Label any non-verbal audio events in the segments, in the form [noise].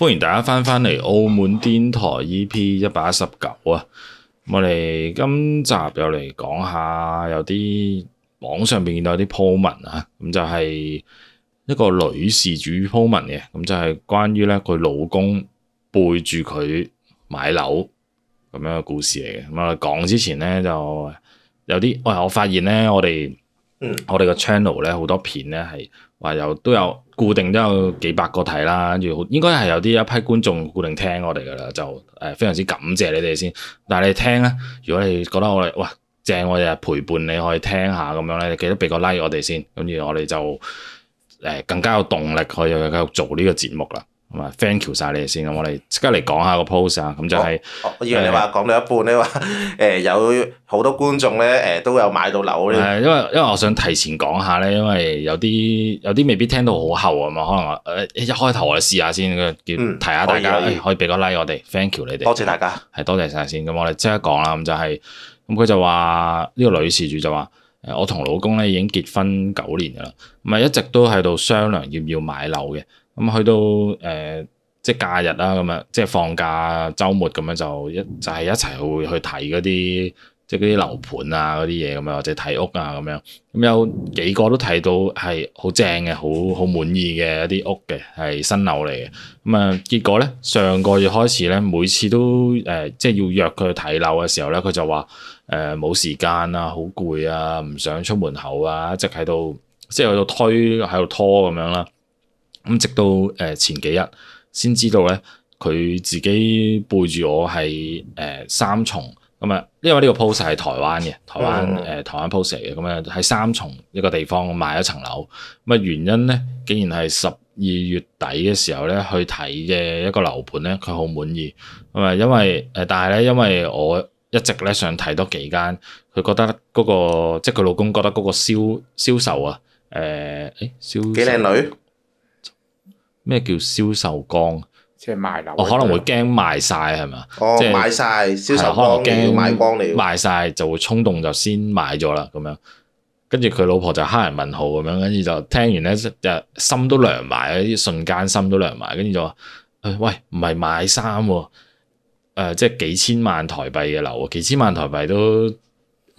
歡迎大家翻返嚟《澳門電台 EP 一百一十九》啊，我哋今集又嚟講下有啲網上邊見到有啲鋪文啊，咁就係一個女事主鋪文嘅，咁就係關於呢，佢老公背住佢買樓咁樣嘅故事嚟嘅。咁我哋講之前呢，就有啲，喂、哎、我發現呢，我哋。 [noise] [noise] 我哋個 channel 咧，好多片咧係話有都有固定都有幾百個睇啦，跟住應該係有啲一批觀眾固定聽我哋噶啦，就誒非常之感謝你哋先。但係你哋聽咧，如果你覺得我哋哇正，我哋陪伴你可以聽下咁樣咧，你記得俾個 like 我哋先，跟住我哋就誒更加有動力去繼續做呢個節目啦。咁啊，thank you 曬、oh, uh, 你哋先，我哋即刻嚟講下個 post 啊外，咁就係，我以為你話講到一半咧話，誒 [laughs] 有好多觀眾咧誒都有買到樓咧，誒，因為因為我想提前講下咧，因為有啲有啲未必聽到好後啊嘛，可能誒一開頭我哋試下先，叫提下大家、嗯、可以俾、哎、個 like, 以 like 我哋，thank you 你哋，多謝大家，係多謝晒先，咁我哋即刻講啦，咁就係、是，咁佢就話呢、這個女事主就話，誒我同老公咧已經結婚九年噶啦，咁啊一直都喺度商量要唔要買樓嘅。咁去到誒、呃，即係假日啦，咁啊，即係放假、週末咁樣就一就係、是、一齊會去睇嗰啲，即係嗰啲樓盤啊，嗰啲嘢咁樣或者睇屋啊咁樣。咁、嗯、有幾個都睇到係好正嘅，好好滿意嘅一啲屋嘅，係新樓嚟嘅。咁、嗯、啊，結果咧，上個月開始咧，每次都誒、呃，即係要約佢去睇樓嘅時候咧，佢就話誒冇時間啊，好攰啊，唔想出門口啊，一直喺度，即係喺度推，喺度拖咁樣啦。咁直到誒前幾日先知道咧，佢自己背住我係誒、呃、三重咁啊。因為呢個 post 係台灣嘅，台灣誒、呃、台灣 post 嚟嘅，咁啊喺三重一個地方買一層樓咁啊。原因咧，竟然係十二月底嘅時候咧去睇嘅一個樓盤咧，佢好滿意咁啊。因為誒、呃，但係咧，因為我一直咧想睇多幾間，佢覺得嗰個即係佢老公覺得嗰個銷，銷售啊，誒、欸、誒銷幾靚女。咩叫銷售光？即係賣樓，我可能會驚賣晒，係咪？哦，賣晒吧，銷售可光，要、啊、賣光你光賣晒就會衝動就先買咗啦咁樣。跟住佢老婆就黑人問號咁樣，跟住就聽完咧就心都涼埋啊！啲瞬間心都涼埋，跟住就話、哎：喂，唔係買衫喎、啊呃，即係幾千萬台幣嘅樓，幾千萬台幣都。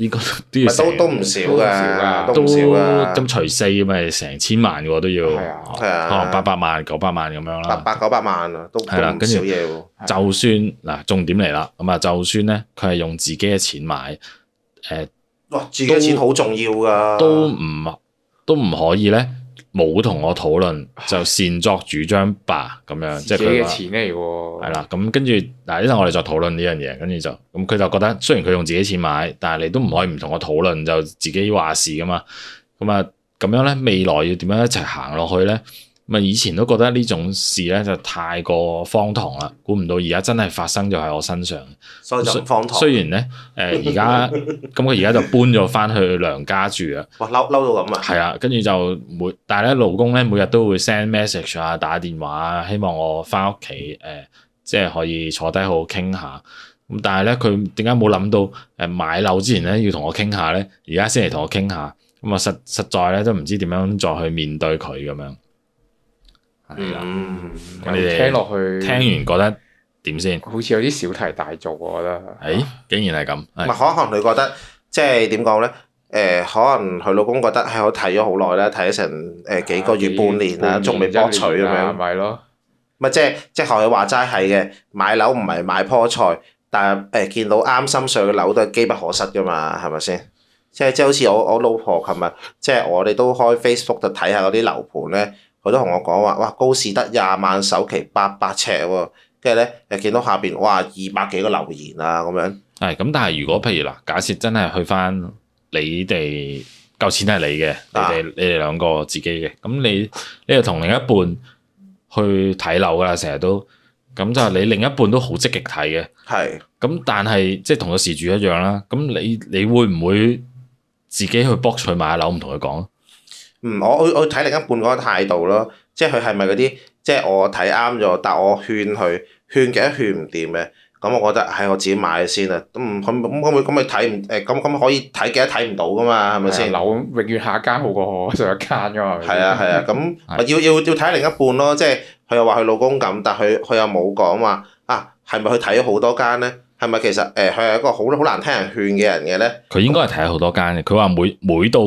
應該都要都都唔少噶，都咁除四咪成千萬喎都要，係啊，係啊，可能八百萬、九百萬咁樣啦。八百九百萬啊，都都唔少嘢喎。跟住就算嗱，重點嚟啦，咁啊，就算咧，佢係用自己嘅錢買，誒，哇，自己嘅錢好重要噶，都唔都唔可以咧。.冇同我討論就擅作主張吧，咁樣，即係佢自己嘅錢嚟喎、啊。係啦，咁跟住嗱，一陣我哋再討論呢樣嘢，跟住就咁佢就覺得，雖然佢用自己錢買，但係你都唔可以唔同我討論就自己話事噶嘛。咁啊，咁樣咧未來要點樣一齊行落去咧？咪以前都覺得呢種事咧就太過荒唐啦，估唔到而家真係發生咗喺我身上。所以雖然咧，誒而家咁佢而家就搬咗翻去娘家住啊。哇！嬲嬲到咁啊！係啊，跟住就但呢勞呢每但係咧，老公咧每日都會 send message 啊，打電話啊，希望我翻屋企誒，即係可以坐低好好傾下。咁但係咧，佢點解冇諗到誒買樓之前咧要同我傾下咧？而家先嚟同我傾下咁啊、嗯，實實在咧都唔知點樣再去面對佢咁樣。嗯，嗯，聽落去，聽完覺得點先？好似有啲小題大做，我覺得。誒嗎，竟然係咁。唔係，可能佢覺得，即係點講咧？誒、呃，可能佢老公覺得係我睇咗好耐啦，睇咗成誒幾個月、半年啦，仲未年博取咁樣。咪咯。咪即即係學你話齋係嘅，買樓唔係買棵菜，但係誒見到啱心水嘅樓都係機不可失㗎嘛，係咪先？即係即係好似我我老婆琴日，即係我哋都開 Facebook 就睇下嗰啲樓盤咧。佢都同我講話，哇高士德廿萬首期八百尺喎，跟住咧又見到下邊，哇二百幾個留言啊咁樣。係咁，但係如果譬如嗱，假設真係去翻你哋夠錢都係你嘅，啊，你哋你哋兩個自己嘅，咁你你又同另一半去睇樓噶啦，成日都咁就係你另一半都好積極睇嘅。係是。咁但係即係同個事主一樣啦，咁你你會唔會自己去卜彩買樓唔同佢講？嗯，我我我睇另一半嗰個態度咯，即係佢係咪嗰啲，即係我睇啱咗，但係我勸佢，勸極都勸唔掂嘅，咁我覺得係我自己買先啦。嗯，佢咁咁佢睇唔，誒咁咁可以睇幾多睇唔到噶嘛，係咪先？樓永遠下一間好過我上一間噶嘛。係啊係啊，咁、啊、要要要睇另一半咯，即係佢又話佢老公咁，但係佢佢又冇講話，啊係咪佢睇咗好多間咧？係咪其實誒佢係一個好好難聽人勸嘅人嘅咧？佢應該係睇咗好多間嘅，佢話每每，每到。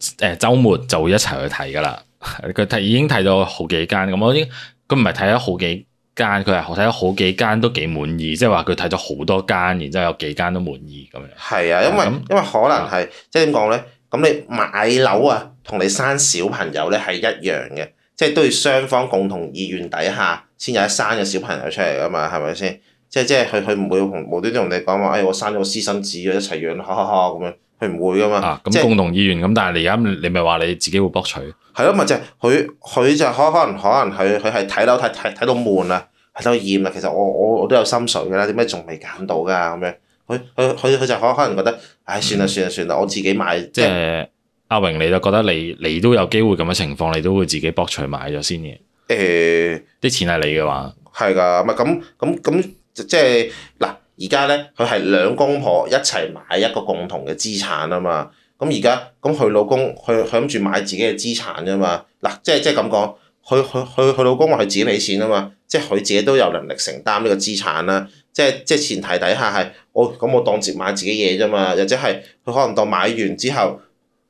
誒週末就會一齊去睇㗎啦，佢睇已經睇咗好幾間咁，我應佢唔係睇咗好幾間，佢係睇咗好幾間都幾滿意，即係話佢睇咗好多間，然之後有幾間都滿意咁樣。係啊，因為那因為可能係即係點講咧？咁你買樓啊，同你生小朋友咧係一樣嘅，即係都要雙方共同意願底下先有一生嘅小朋友出嚟㗎嘛？係咪先？即係即係佢佢唔會同無端端同你講話，誒我生咗個私生子啊，一齊養，哈哈哈咁樣。佢唔會噶嘛？咁、啊、共同意員咁，即但係你而家你咪話你自己會博取？係咯，咪就係佢佢就可能可能可能佢佢係睇樓睇睇睇到悶啦，睇到厭啦。其實我我我都有心水㗎啦，點解仲未揀到㗎咁樣？佢佢佢佢就可可能覺得，唉，算啦算啦、嗯、算啦，我自己買即係是阿、啊、榮，你就覺得你你都有機會咁嘅情況，你都會自己博取買咗先嘅。誒、欸，啲錢係你嘅嘛？係㗎，咁咁咁即係嗱。而家咧，佢係兩公婆一齊買一個共同嘅資產啊嘛。咁而家咁佢老公，佢佢諗住買自己嘅資產啫嘛。嗱，即係即係咁講，佢佢佢佢老公話佢自己俾錢啊嘛。即係佢自，自己都有能力承擔呢個資產啦。即係即係前提底下係，我咁我當接買自己嘢啫嘛。又即者係佢可能當買完之後，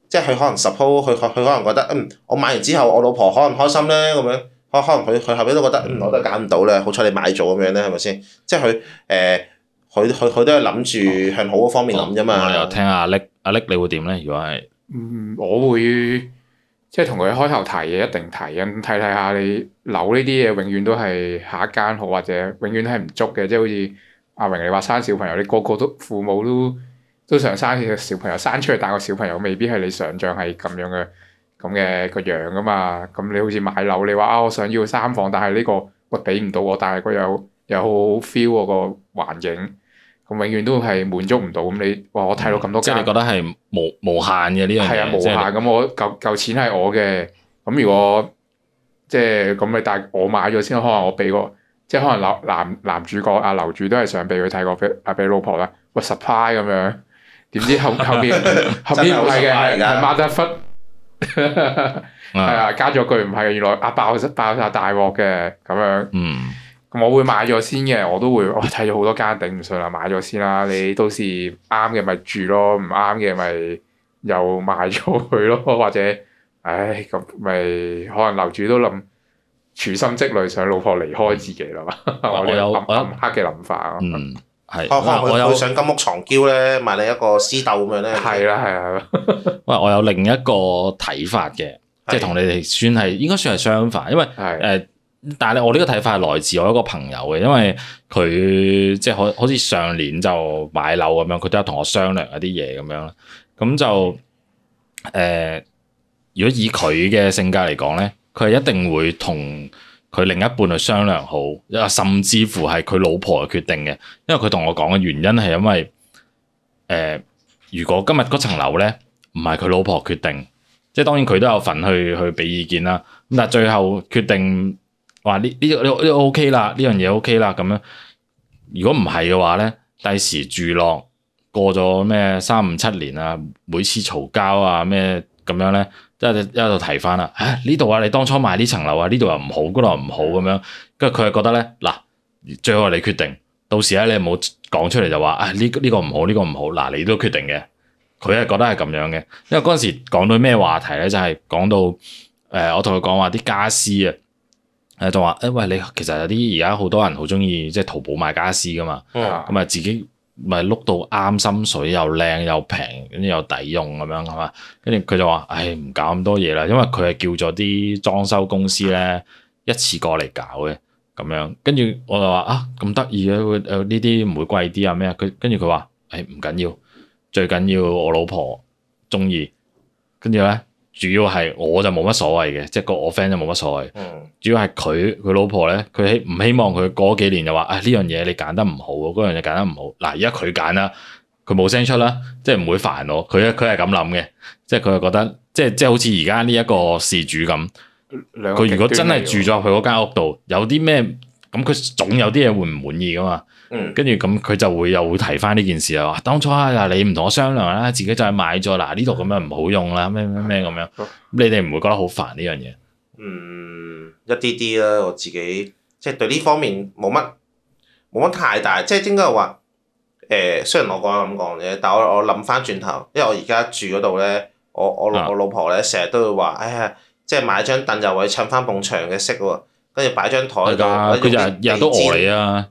即係佢可能十 u 佢佢可能覺得，嗯，我買完之後我老婆開唔開心咧？咁樣可可能佢佢後尾都覺得，嗯、我都揀唔到咧，好彩你買咗咁樣咧，係咪先？即係佢誒。呃佢佢佢都係諗住向好嗰方面諗啫嘛、嗯。我又聽阿力，阿力你會點咧？如果係、嗯，我會即係同佢開頭提嘅，一定提嘅。睇睇下你樓呢啲嘢，永遠都係下一間好，或者永遠都係唔足嘅。即係好似阿榮，你話生小朋友，你個個都父母都都想生小朋友，生出嚟帶個小朋友，未必係你想像係咁樣嘅咁嘅個樣噶嘛。咁你好似買樓，你話啊，我想要三房，但係呢個我俾唔到我，但係佢有有，有好好 feel 嗰、啊嗰個環境。我永遠都係滿足唔到咁你，哇！我睇到咁多、嗯、即係你覺得係無無限嘅呢樣嘢，係啊無限，咁我舊舊錢係我嘅，咁如果、嗯、即係咁你，但我買咗先，可能我俾個即係可能男男主角啊、樓主都係想俾佢睇過俾阿俾老婆啦，喂，surprise 咁樣，點知後後邊 [laughs] 後邊又係嘅，係抹得一忽，係啊加咗句唔係，原來阿爆爆曬大鑊嘅咁樣，嗯。嗯咁我會買咗先嘅，我都會我睇咗好多間，頂唔順啦，買咗先啦。你到時啱嘅咪住咯，唔啱嘅咪又賣咗佢咯，或者，唉，咁咪可能樓主都諗處心積慮，想老婆離開自己啦嘛，我有暗黑嘅諗法。嗯，係。可能有想金屋藏嬌咧，買你一個私竇咁樣咧。係啦，係啦。喂， [laughs] 我有另一個睇法嘅，即係同你哋算係應該算係相，相反，因為誒。的 four [noise] 但係咧，我呢個睇法係來自我一個朋友嘅，因為佢即係好好似上年就買樓咁樣，佢都有同我商量一啲嘢咁樣啦。咁就誒、呃，如果以佢嘅性格嚟講咧，佢係一定會同佢另一半去商量好，甚至乎係佢老婆嘅決定嘅。因為佢同我講嘅原因係因為誒、呃，如果今日嗰層樓咧唔係佢老婆決定，即係當然佢都有份去去俾意見啦。咁但係最後決定。話呢呢呢呢 OK 啦，呢樣嘢 OK 啦咁樣。如果唔係嘅話呢，第時住落過咗咩三五七年啊，每次嘈交啊咩咁樣咧，都喺度提翻啦。啊呢度啊，你當初買呢層樓啊，呢度又唔好，嗰度又唔好咁樣。跟住佢係覺得呢，嗱，最後你決定，到時咧你冇講出嚟就話啊呢呢、呢個唔、呢個、好，呢、呢個唔好。嗱，你都決定嘅，佢係覺得係咁樣嘅。因為嗰陣時講到咩話題呢，就係、係、講到誒、呃，我同佢講話啲家私。啊。誒就話，因為、欸、你其實有啲而家好多人好中意即係淘寶買家私噶嘛，咁啊、哦、自己咪碌到啱心水，又靚又平，跟住又抵用咁樣係嘛，跟住佢就話，唉，唔搞咁多嘢啦，因為佢係叫咗啲裝修公司咧一次過嚟搞嘅，咁樣跟住我就話啊咁得意嘅，誒呢啲唔會貴啲啊咩啊，佢跟住佢話，誒唔緊要，最緊要我老婆中意，跟住咧。主要係我就冇乜所謂嘅，即係個我 friend 就冇乜所謂。嗯、主要係佢佢老婆咧，佢希唔希望佢過幾年就話啊呢樣嘢你揀得唔好，嗰樣嘢揀得唔好。嗱，而家佢揀啦，佢冇聲出啦，即係唔會煩我。佢佢係咁諗嘅，即係佢係覺得即即係好似而家呢一個事主咁，佢如果真係住咗喺佢嗰間屋度，嗯、有啲咩？咁佢總有啲嘢會唔滿意噶嘛，跟住咁佢就會又會提翻呢件事啊，話當初啊，你唔同我商量啦，自己就係買咗喇，呢度咁樣唔好用啦，咩咩咩咁樣。咁好你哋唔會覺得好煩呢樣嘢？嗯，一啲啲啦，我自己即係對呢方面冇乜冇乜太大，即係應該話誒、呃，雖然我講咁講啫，但係我我諗翻轉頭，因為我而家住嗰度咧，我我我老婆咧成日都會話，哎呀，即係買張凳就為襯翻埲牆嘅色喎。跟住擺張台㗎，佢日日日都餓你啊，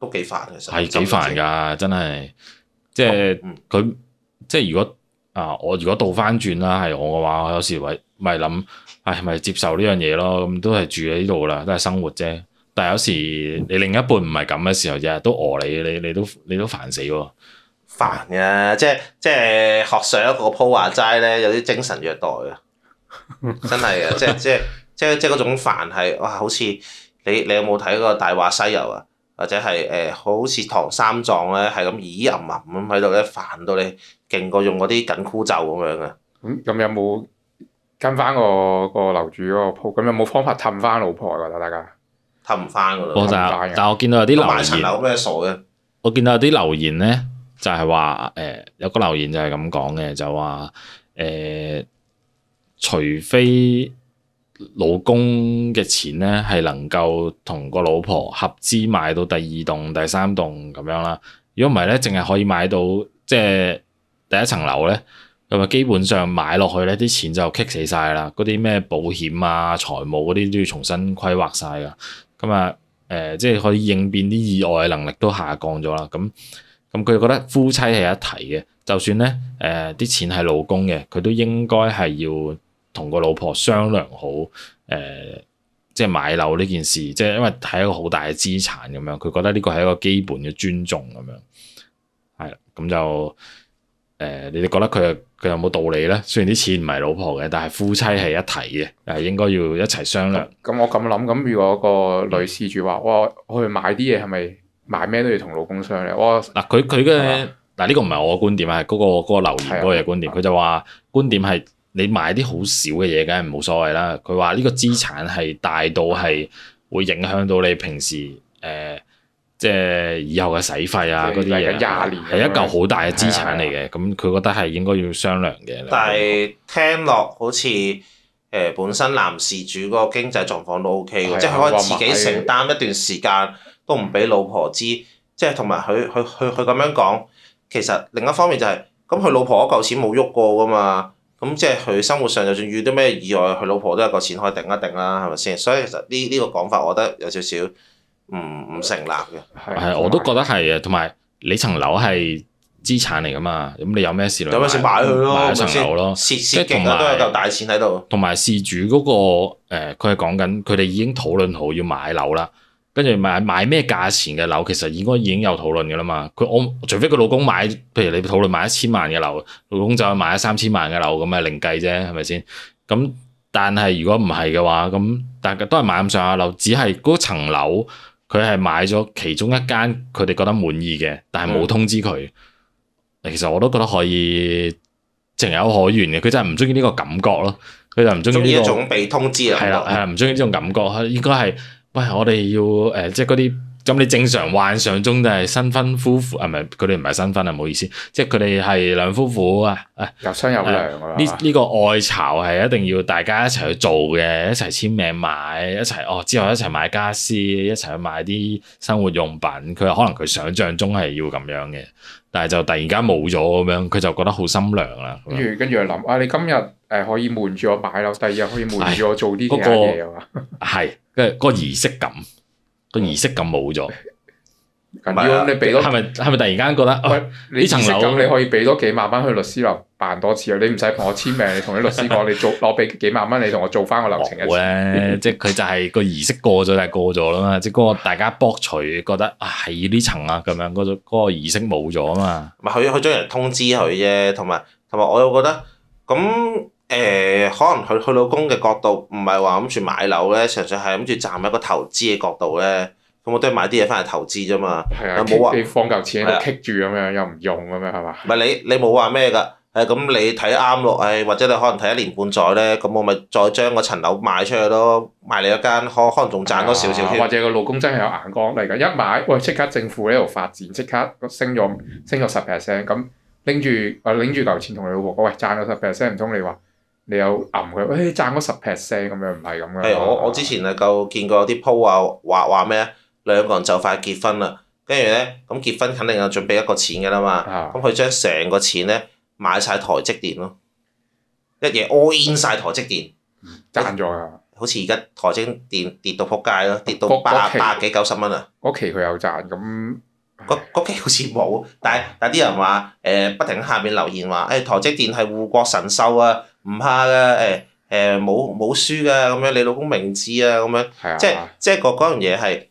都幾煩嘅。其實係幾煩㗎，嗯、真係，即係佢、嗯、即係如果啊，我如果倒翻轉啦，係我嘅話，我有時咪咪諗，唉、哎，咪接受呢樣嘢咯，咁都係住喺呢度啦，都係生活啫。但係有時你另一半唔係咁嘅時候日日都餓你，你你都你都煩死喎。煩嘅，即係即係學上一個鋪話齋咧，有啲精神虐待啊，真係啊。即係即係。即係即係嗰種煩係哇，好似你你有冇睇過大話西遊啊？或者係誒、呃，好似唐三藏咧，係咁咿吟吟咁喺度咧煩到你，勁過用嗰啲緊箍咒咁樣啊、嗯！咁咁、嗯、有冇跟翻個個樓主個鋪？咁有冇方法氹翻老婆啊？大家氹唔翻㗎。冇但我見到有啲留言，我見、喔、到有啲留言咧，就係話誒有個留言就係咁講嘅，就話誒、欸、除非。老公嘅錢咧，係能夠同個老婆合資買到第二棟、第三棟咁樣啦。如果唔係咧，淨係可以買到即係第一層樓咧，咁啊基本上買落去咧，啲錢就棘死晒啦。嗰啲咩保險啊、財務嗰啲都要重新規劃晒㗎。咁啊誒，即係可以應變啲意外嘅能力都下降咗啦。咁咁佢覺得夫妻係一體嘅，就算咧誒啲錢係老公嘅，佢都應該係要。同個老婆商量好，誒、呃，即係買樓呢件事，即係因為係一個好大嘅資產咁樣，佢覺得呢個係一個基本嘅尊重咁樣，係，咁就誒、呃，你哋覺得佢佢有冇道理咧？雖然啲錢唔係老婆嘅，但係夫妻係一體嘅，係應該要一齊商量。咁我咁諗，咁如果個女事主話，我去買啲嘢係咪買咩都要同老公商量？哇的我嗱佢佢嘅嗱呢個唔係我嘅觀點啊，係嗰嗰個留言嗰個嘅觀點，佢就話觀點係。你買啲好少嘅嘢，梗係冇所謂啦。佢話呢個資產係大到係會影響到你平時誒、呃，即係以後嘅使費啊嗰啲嘢，廿年係一嚿好大嘅資產嚟嘅。咁佢覺得係應該要商量嘅。但係聽落好似誒、呃、本身男事主嗰個經濟狀況都 O K 嘅，即係佢可以自己承擔一段時間都唔俾老婆知，即係同埋佢佢佢佢咁樣講。其實另一方面就係、是、咁，佢老婆嗰嚿錢冇喐過噶嘛。咁即係佢生活上就算遇到啲咩意外，佢老婆都有個錢可以定一定啦，係咪先？所以其實呢呢個講法，我覺得有少少唔唔成立嘅。係，我都覺得係啊。同埋你層樓係資產嚟㗎嘛？咁你有咩事，有咩事買佢咯。買層樓咯。即係有都有嚿大錢喺度。同埋事主嗰、嗰個佢係講緊佢哋已經討論好要買樓啦。跟住買買咩價錢嘅樓，其實應該已經有討論噶啦嘛。佢我除非佢老公買，譬如你討論買一千萬嘅樓，老公就買咗三千萬嘅樓咁啊，另計啫，係咪先？咁但係如果唔係嘅話，咁大家都係買咁上下樓，只係嗰層樓佢係買咗其中一間，佢哋覺得滿意嘅，但係冇通知佢。嗯、其實我都覺得可以情有可原嘅，佢真係唔中意呢個感覺咯，佢就唔中意呢種被通知啊，係啊，係唔中意呢種感覺，應該係。喂，我哋要誒、呃，即係嗰啲咁，你正常幻想中就係新婚夫婦，啊唔係佢哋唔係新婚啊，唔好意思，即係佢哋係兩夫婦啊，入入啊有商有量噶啦，呢呢、呢個愛巢係一定要大家一齊去做嘅，一齊簽名買，一齊哦之後一齊買傢俬，一齊去買啲生活用品。佢可能佢想象中係要咁樣嘅，但係就突然間冇咗咁樣，佢就覺得好心涼啦。跟住跟住佢諗啊，你今日誒可以瞞住我買樓，第二日可以瞞住我做啲嘢啊，係。跟住個儀式感，個儀式感冇咗。咁樣你俾多，係咪係咪突然間覺得？你層咁，你可以俾多，多幾萬蚊去律師樓辦多次啊！你唔使同我簽名，你同啲律師講，你做攞俾幾萬蚊，你同我做翻個流程一次、嗯、即係佢就係、係個，啊啊嗰個嗰個儀式過咗就過咗啦嘛！即係嗰個大家剝除覺得啊係呢層啊咁樣嗰個儀式冇咗啊嘛。唔係佢佢將人通知佢啫，同埋同埋我又覺得咁。誒、欸，可能佢佢老公嘅角度唔係話諗住買樓咧，常常係諗住站一個投資嘅角度咧。咁我都係買啲嘢翻嚟投資啫的說嘛。係啊的，冇話放嚿錢喺度棘住咁樣又唔用咁樣係嘛？唔係你你冇話咩㗎？誒、欸、咁你睇啱咯，誒的或者你可能睇一年半載咧，咁我咪再將嗰層樓賣出去咯，賣你一間可能仲賺多少少，啊。或者個老公真係有眼光嚟㗎，一買喂，即刻政府喺度發展，即刻升咗升咗十 percent 咁拎住啊，拎住嚿錢同你老婆，喂賺咗十 percent，唔通你話？你又揞佢？誒、哎、賺嗰十 percent 咁樣唔係咁樣。係我我之前啊夠見過有啲鋪啊話話咩啊？兩個人就快結婚啦，跟住咧咁結婚肯定有準備一個錢㗎啦嘛。咁佢將成個錢咧買晒台積電咯，一嘢 all in 晒台積電。嗯，賺咗㗎。好似而家台積電跌到撲街咯，跌到八百幾九十蚊啊。嗰期佢有賺咁？嗰期好似冇，但係但係啲人話誒、呃、不停下面留言話誒、欸、台積電係護國神獸啊。唔怕噶，誒，誒，冇冇輸噶，咁樣，你老公明知啊，咁樣，的即即個嗰樣嘢係，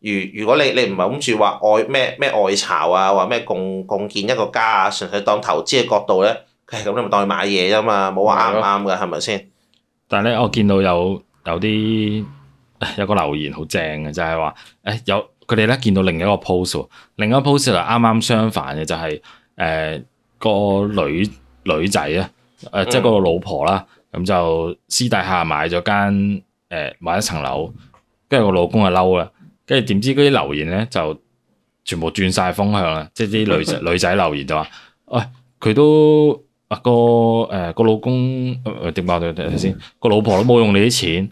如如果你你唔係諗住話愛咩咩愛巢啊，話咩共共建一個家啊，純粹當投資嘅角度咧，佢係咁你咪當佢買嘢啫嘛，冇話啱啱噶，係咪先？的吧但係咧，我見到有有啲有個留言好正嘅，就係話，誒有佢哋咧見到另一個 post，另一個 post 就係啱啱相反嘅，就係誒個女女仔啊。誒即係嗰個老婆啦，咁就私底下買咗間誒、呃、買一層樓，跟住個老公就嬲啦，跟住點知嗰啲留言咧就全部轉晒風向啦，即係啲女 [laughs] 女仔留言就話：喂、哎，佢都。個誒個、呃、老公誒，點講？睇，呃、睇先，個老婆都冇用你啲錢，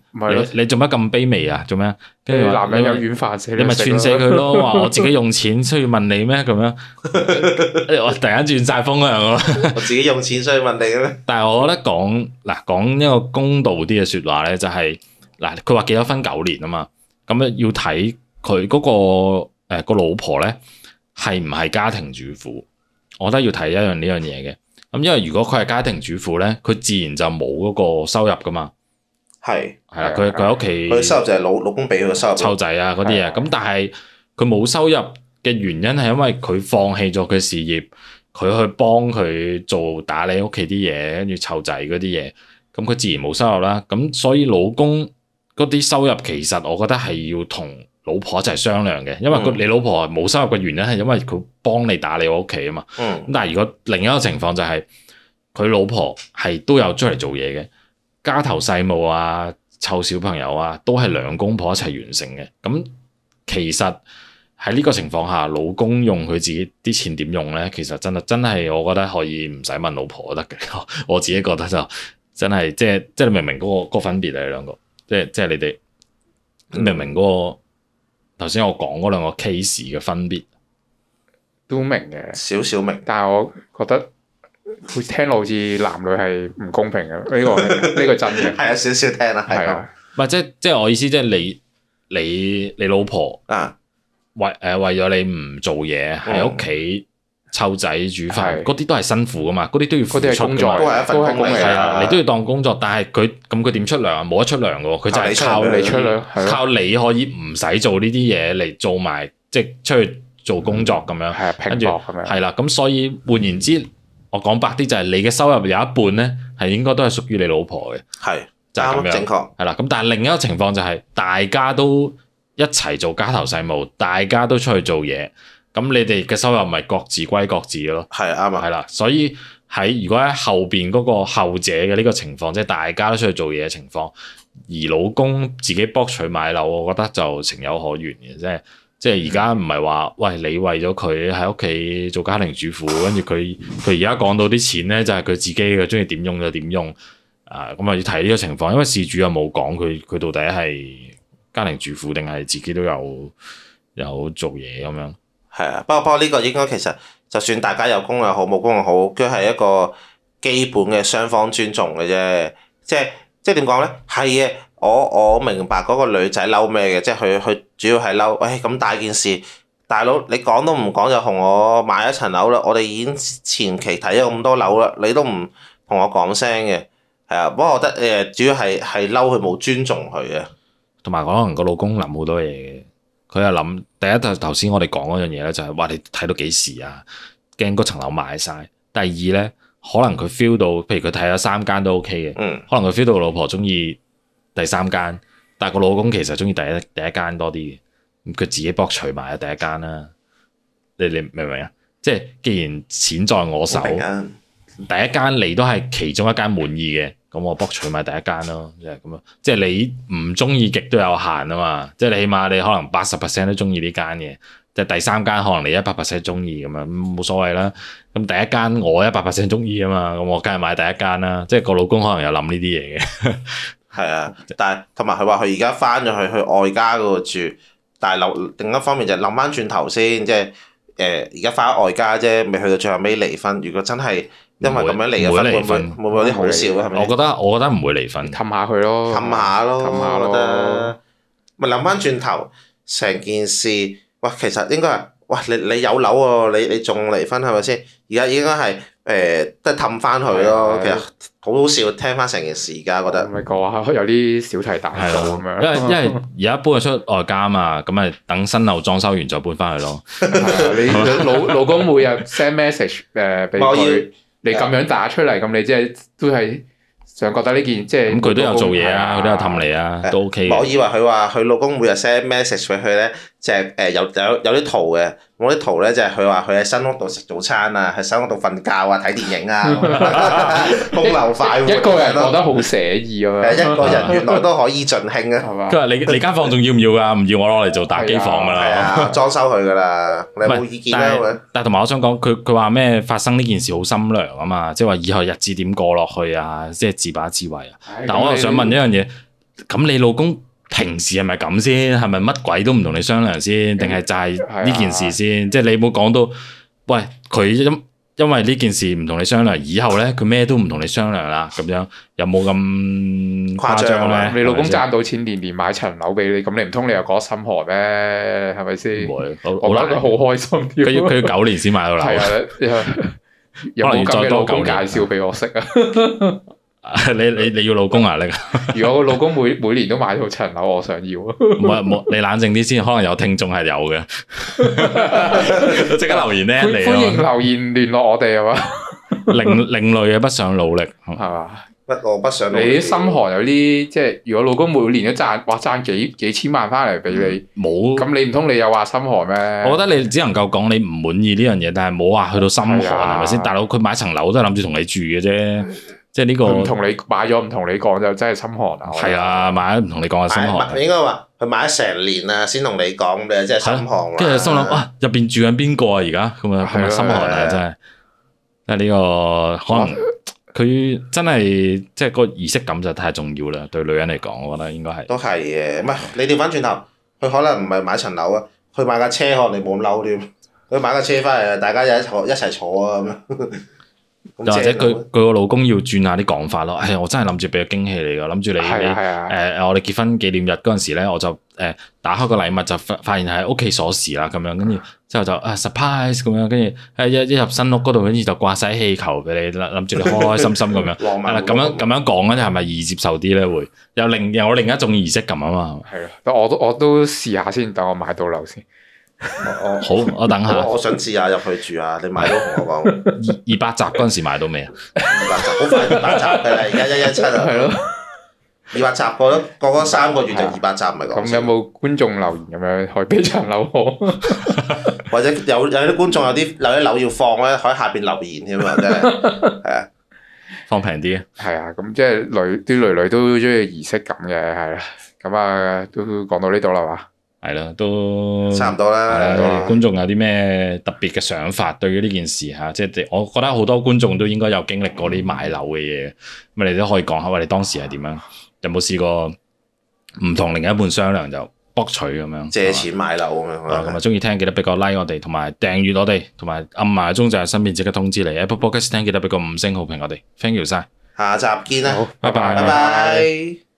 你做乜咁卑微啊？做咩？跟住男人有軟化者，你咪說串你死佢咯！話 [laughs] 我自己用錢需要問你咩？咁樣、 [laughs] 哎，我突然間轉晒風向， [laughs] 我自己用錢需要問你嘅咩？ [laughs] 但係我覺得講嗱講一個公道啲嘅說話咧，就是，就係嗱佢話記咗分九年啊嘛，咁樣要睇佢嗰個誒個老婆咧係唔係家庭主婦？我覺得要睇一樣呢樣嘢嘅。咁因為如果佢係家庭主婦咧，佢自然就冇嗰個收入噶嘛。係係啊，佢佢屋企佢收入就係老老公俾佢嘅收入湊仔啊嗰啲嘢。咁但係佢冇收入嘅的原因係因為佢放棄咗佢事業，佢去幫佢做打理屋企啲嘢，跟住湊仔嗰啲嘢，咁佢自然冇收入啦。咁所以老公嗰啲收入其實我覺得係要同，老婆一齊商量嘅，因為佢你老婆冇收入嘅原因係因為佢幫你打理我屋企啊嘛。咁、嗯、但係如果另一個情況就係、是、佢老婆係都有出嚟做嘢嘅，家頭細務啊、湊小朋友啊，都係兩公婆一齊完成嘅。咁、嗯、其實喺呢個情況下，老公用佢自己啲錢點用咧？其實真係真係，我覺得可以唔使問老婆都得嘅。我自己覺得就真係即係即係、那個，明唔明嗰個個分別啊，你兩個即係即係你哋明唔明嗰、那個。頭先我講嗰兩個 case 嘅分別都明嘅，少少明。但係我覺得會聽落好似男女係唔公平嘅呢、 [laughs] 呢個呢、呢個真係。係 [laughs] 啊，少少聽啦，係啊，唔係 [laughs] 即即係我意思，即係你你你老婆啊，為誒、呃、為咗你唔做嘢喺屋企。嗯。湊仔煮飯嗰啲是都係辛苦噶嘛，嗰啲都要付出，都係一份，工作，工作啊，啊你都要當工作。但係佢咁佢點出糧啊？冇得出糧嘅喎，佢就係靠你出糧，靠你可以唔使做呢啲嘢嚟做埋，即係出去做工作咁樣，跟住咁係啦。咁、啊著啊、所以換言之，我講白啲就係、是、你嘅收入有一半咧，係應該都係屬於你老婆嘅，係啱、啊，就係咁樣正確係啦。咁、啊、但係另一個情況就係大家都一齊做家頭細務，大家都出去做嘢。咁你哋嘅收入咪各自歸各自咯，係啱啊，係啦，所以喺如果喺後邊嗰個後者嘅呢個情況，即係大家都需要做嘢嘅情況，而老公自己博取買樓，我覺得就情有可原嘅，即係即係而家唔係話，喂，你為咗佢喺屋企做家庭主婦，跟住佢佢而家講到啲錢咧，就係佢自己嘅，中意點用就點用，啊，咁啊要睇呢個情況，因為事主又冇講佢佢到底係家庭主婦定係自己都有有做嘢咁樣。係啊，不過不過呢個應該其實就算大家有公又好，冇公又好，佢係一個基本嘅雙方尊重嘅啫。即係即係點講呢？係嘅，我我明白嗰個女仔嬲咩嘅，即係佢佢主要係嬲。喂、哎，咁大件事，大佬你講都唔講就同我買一層樓啦。我哋已經前期睇咗咁多樓啦，你都唔同我講聲嘅。係啊，不過我覺得誒主要係係嬲佢冇尊重佢嘅，同埋可能個老公諗好多嘢嘅。佢又諗，第一就頭先我哋講嗰樣嘢咧，就係哇，你睇到幾時啊？驚嗰層樓賣晒。第二咧，可能佢 feel 到，譬如佢睇咗三間都 OK 嘅，嗯、可能佢 feel 到老婆中意第三間，但係個老公其實中意第一第一間多啲嘅，咁佢自己搏除埋喺第一間啦。你你明唔明啊？即係既然錢在我手，啊、第一間你都係其中一間滿意嘅。咁我 book 除埋第一間咯，就是，即係咁咯，即係你唔中意極都有限啊嘛，即係你起碼你可能八十 percent 都中意呢間嘢，即係第三間可能你一百 percent 中意咁樣，冇所謂啦。咁第一間我一百 percent 中意啊嘛，咁我梗係買第一間啦。即係個老公可能又諗呢啲嘢嘅，係 [laughs] 啊。但係同埋佢話佢而家翻咗去去外家嗰度住，但係另另一方面就諗翻轉頭先，即係誒而家翻外家啫，未去到最後尾離婚。如果真係因為咁樣嚟嘅，會離婚，冇有啲好笑啊？係咪？我覺得我覺得唔會離婚，氹下佢咯，氹下咯，氹下我覺得。咪諗翻轉頭，成件事，喂，其實應該係，喂，你你有樓喎，你你仲離婚係咪先？而家應該係，誒，都係氹翻佢咯。其實好好笑，聽翻成件事而家覺得。咪過下，有啲小題大做咁樣。因為因為而家搬去出外家啊嘛，咁咪等新樓裝修完再搬翻去咯。你老老公每日 send message 誒俾佢。你咁樣打出嚟，咁你、嗯、即係都係想覺得呢件、嗯、即係是。咁佢都有做嘢、嗯、啊，佢都有氹你啊，都 O K 嘅。我以為佢話佢老公每日 send message 俾佢咧，就係、是、誒、呃、有有有啲圖嘅。我啲圖咧就係佢話佢喺新屋度食早餐啊，喺新屋度瞓覺啊，睇電影啊，風流快活，一個人都覺得好寫意咁樣。誒，一個人原來都可以盡興啊，係嘛？佢話：你你間房仲要唔要㗎？唔要我攞嚟做打機房㗎啦，裝修佢㗎啦，你有冇意見啊？但係同埋我想講，佢佢話咩發生呢件事好心涼啊嘛，即係話以後日子點過落去啊，即係自把自為啊。但係我又想問一樣嘢，咁你老公？平時係咪咁先？係咪乜鬼都唔同你商量先？定係就係呢件事先？哎、呀即係你冇講到，喂佢因因為呢件事唔同你商量，以後咧佢咩都唔同你商量啦。咁樣有冇咁誇張咧？你老公賺到錢係咪年年買層樓俾你，咁你唔通你又講心寒咩？係咪先？唔會，我覺得好開心。佢要佢要九年先買到樓。有、 [laughs] 嗯、可能要再多九年介紹俾我識啊！ [laughs] [laughs] 你你你要老公啊？你 [laughs] 如果我老公每每年都買套層樓，我想要。唔係唔，你冷靜啲先，可能有聽眾係有嘅。即 [laughs] [laughs] 刻留言咧，你 [laughs] 歡迎留言聯絡我哋啊！另另類嘅不想努力係嘛？不勞不想。你心寒有啲即係，如果老公每年都賺，哇賺幾幾千萬翻嚟俾你，冇咁、嗯、你唔通你又話心寒咩？我覺得你只能夠講你唔滿意呢樣嘢，但係冇話去到心寒係咪先？的 [laughs] [laughs] 大佬佢買層樓都係諗住同你住嘅啫。即係、這，呢個唔同你買咗唔同你講就真係心寒啊！係啊，買咗唔同你講嘅心寒。應該話佢買咗成年啊，先同你講嘅，即係心寒。跟住心諗啊，入邊住緊邊個啊？而家咁啊，咁啊，心寒啊！真係，即係呢個可能佢真係即係個儀式感就太重要啦。對女人嚟講，我覺得應該係都係嘅。唔係你調翻轉頭，佢可能唔係買層樓啊，佢買架車可能你冇咁嬲添。佢買架車翻嚟，大家一坐一齊坐啊咁樣。 [laughs] 又或者佢佢個老公要轉下啲講法咯，哎我真係諗住俾個驚喜你噶，諗住你誒誒，我哋結婚紀念日嗰陣時咧，我就誒打開個禮物就發發現係屋企鎖匙啦，咁樣跟住之後就啊 surprise 咁樣，跟住，啊、一一入新屋嗰度，跟住就掛晒氣球俾你，諗住你開開心心咁樣，咁樣咁樣講咧，係咪易接受啲咧？會又另又另一種儀式感啊嘛，係咯，嗯，我都我都試下先，等我買到樓先。我好，我等下。我想試下入去住啊。你買咯，同我講。二二八集嗰陣時買到未啊？二八集好快，二八集係啦，而家一一七啦。係咯，二八集過咗過咗三個月就二八集，咪。咁有冇觀眾留言咁樣開幾層樓？或者有有啲觀眾有啲留一樓要放咧，喺下邊留言添嘛？真係係啊，放平啲啊！係啊，咁即係女啲女女都中意儀式感嘅，係啊，咁、嗯、啊，都講到呢度啦嘛。係咯，都差唔多啦。觀眾有啲咩特別嘅想法，對於呢件事吓，即係我覺得好多觀眾都應該有經歷過啲買樓嘅嘢，咁你都可以講下，我哋當時係點樣？有冇試過唔同另一半商量就博取咁樣，借錢買樓咁樣？啊，咁啊，鍾意聽記得俾個 like 我哋，同埋訂閱我哋，同埋撳埋鐘，就喺身邊即刻通知你。Apple Podcast 聽記得俾個五星好評我哋，thank you 晒，謝謝，下集見啦，好拜拜，拜拜。